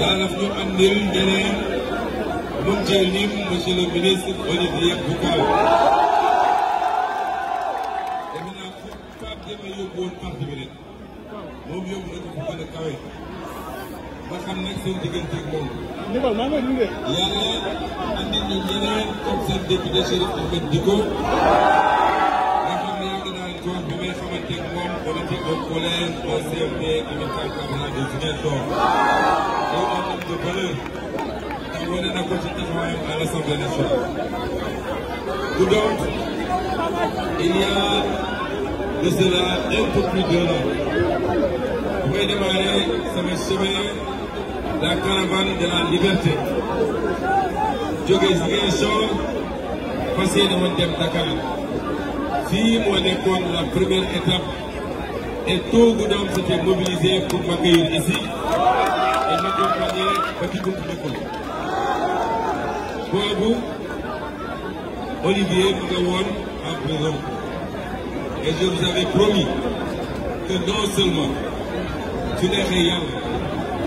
yaa daf ñu andil ñeneen mun cee lim monsieur le ministre Olivier Boucal. defe naa foofu Pape Demba yóbbu woon parti bi rek moom yóbbu na ko fu gën a kawe ba xam nag seen diggante ak moom. yàlla andi ñu ñeneen comme seen député Chérif Ahmed Diko. nga xam ne yàgg naa ko wax bi may xamante ak moom dama ci au collège au CFP amical Camara de Ziguinchor. de valeur ndax wane na ko ci taxawaayam à l'Assemblée nationale bu il y de cela un peu plus d'un an bu may démarrer sama chemin la caravane de la liberté jógee Ziguinchor fas yéene woon dem Dakar fii moo nekkoon la première étape et tout Goudomp s'était mobilisé pour m'accueillir ici dana boobu Olivier mu nga woon en prison et je vous promis que non seulement su neexee yàlla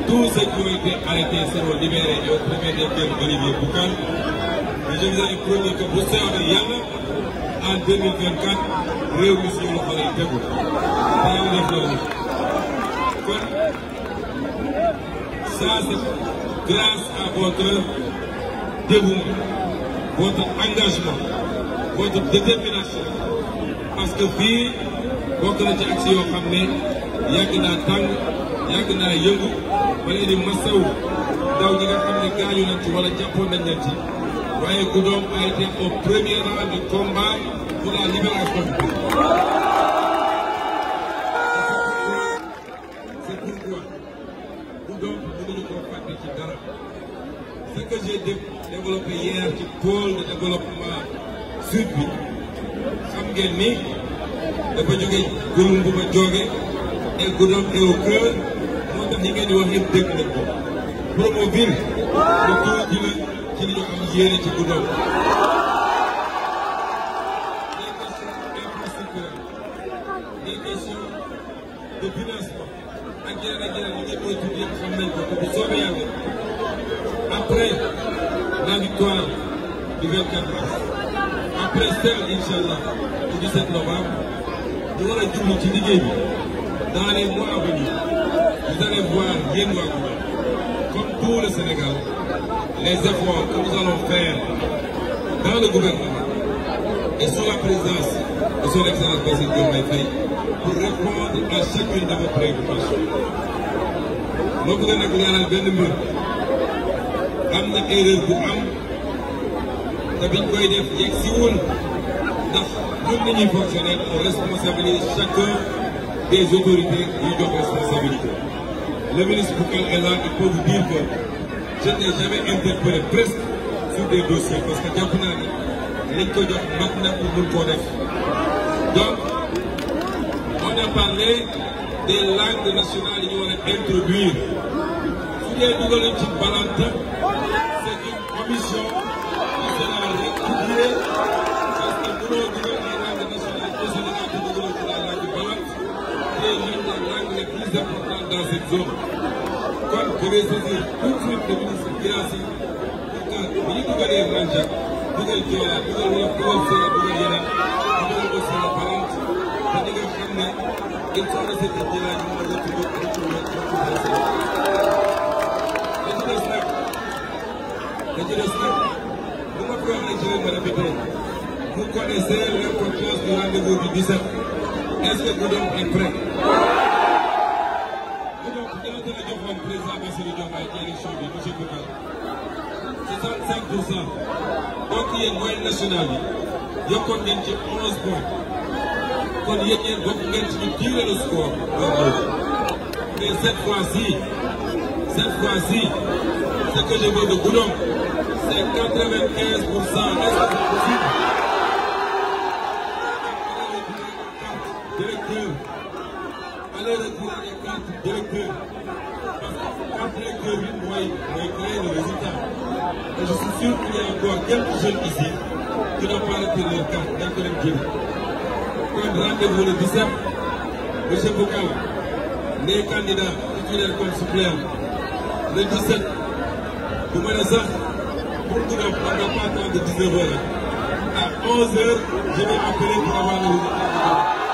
tous ceux qui ont été arrêtés seront libérés et au premier desquels Olivier Boucan mais je vous avais promis que bu soobee yàlla en 2024 réew mi suñu loxo lay tegu. Ça, c'est grâce à votre dévouement, votre engagement, votre détermination. parce que fii bokk na ci aksi yoo xam ne yàgg naa tàng yàgg naa yëngu ba léegi masawu daw ñi xam ne gaañu nañ ci wala jàppoon nañ leen ci waaye Goudomp a été au premier rang combat pour la libération bu donc mënuñu koo fàtte ci dara ce que j'ai développé hier ci pôle de développement sud bi xam ngeen ni dafa jóge gurum bu ma jooge et guddoon et au cœur ko promoville lu tuuti ci li ñu am ci guddoon ak yeneen ak yeneen ñu ngi koy tudd yëpp xam nañ ko te bu soobee yàlla après la victoire du 24 mars après celle incha war a jublu ci liggéey bi dans les mois à venir vous allez voir waa Goudomp comme tout le Sénégal les efforts que nous allons faire dans le gouvernement. et sous la présence de son excellence Bassirou Diomaye Faye pour répondre à chacune de vos préoccupations. ma bëgg nag ñaanal benn mbir am na erreur bu am te biñ koy def yegg si woon ndax ñun ni ñuy fonctionner des autorités yu jox responsabilité. le ministre Boukal est là il peut vous dire que je n'ai jamais sur des dossiers parce que jàpp naa ni. lañ ko jox mag na pour mën koo def donc on a parlé des langues nationales yi ñu war a introduire su dee dugaluñ ci balante c'est une commission qui sera rectifiée que mënoo dugal la langue nationale au Sénégal te dugaloo ci la langue balante qui est l'une des langues les dans cette zone kon je dugal Joola dugal ñëpp dugal Sira dugal yeneen ñu dugal ko sama parent te di nga xam ne il faut que cette Joola ñu mën a tudd ak tudd ak tudd Sira da ci des nag da ci des nag bu ma ko waxee je vais me répéter vous connaissez l'importance du rendez-vous du 17 est-ce que Goudomp est prêt Goudomp dina gën a joxoon président Bassirou Diomaye ci élection bi monsieur Koungheul 65 pour cent donc yéen moyenne nationale yi yokkoon ngeen ci kon yéen yéen bokk ngeen ci ñu tirer le score mais cette fois-ci cette fois-ci ce que je veux de Goudomp c'est 95 pour cent est-ce sûr qu'il y a encore quelques jeunes ici qui n'ont pas retiré leur carte d'identité. Comme rendez-vous le 17, M. Boukaou, les candidats titulaires comme suppléants, le 17, bu mën a sax pour que nga xam nga pas de 19 heures à 11 heures je vais appeler pour avoir